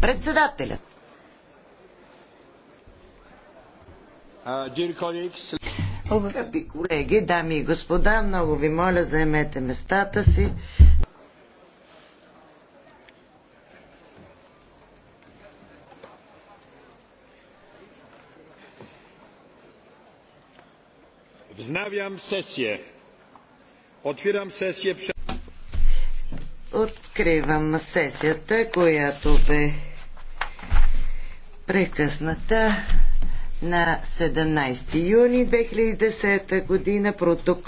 Председателят. Przewodniczący! Uh, Скъпи колеги, дами и господа, много ви моля, заемете местата си. Wznawiam сесия. Отвирам сесия. Откривам сесията, която бе прекъсната на 17 юни 2010 година. Протокол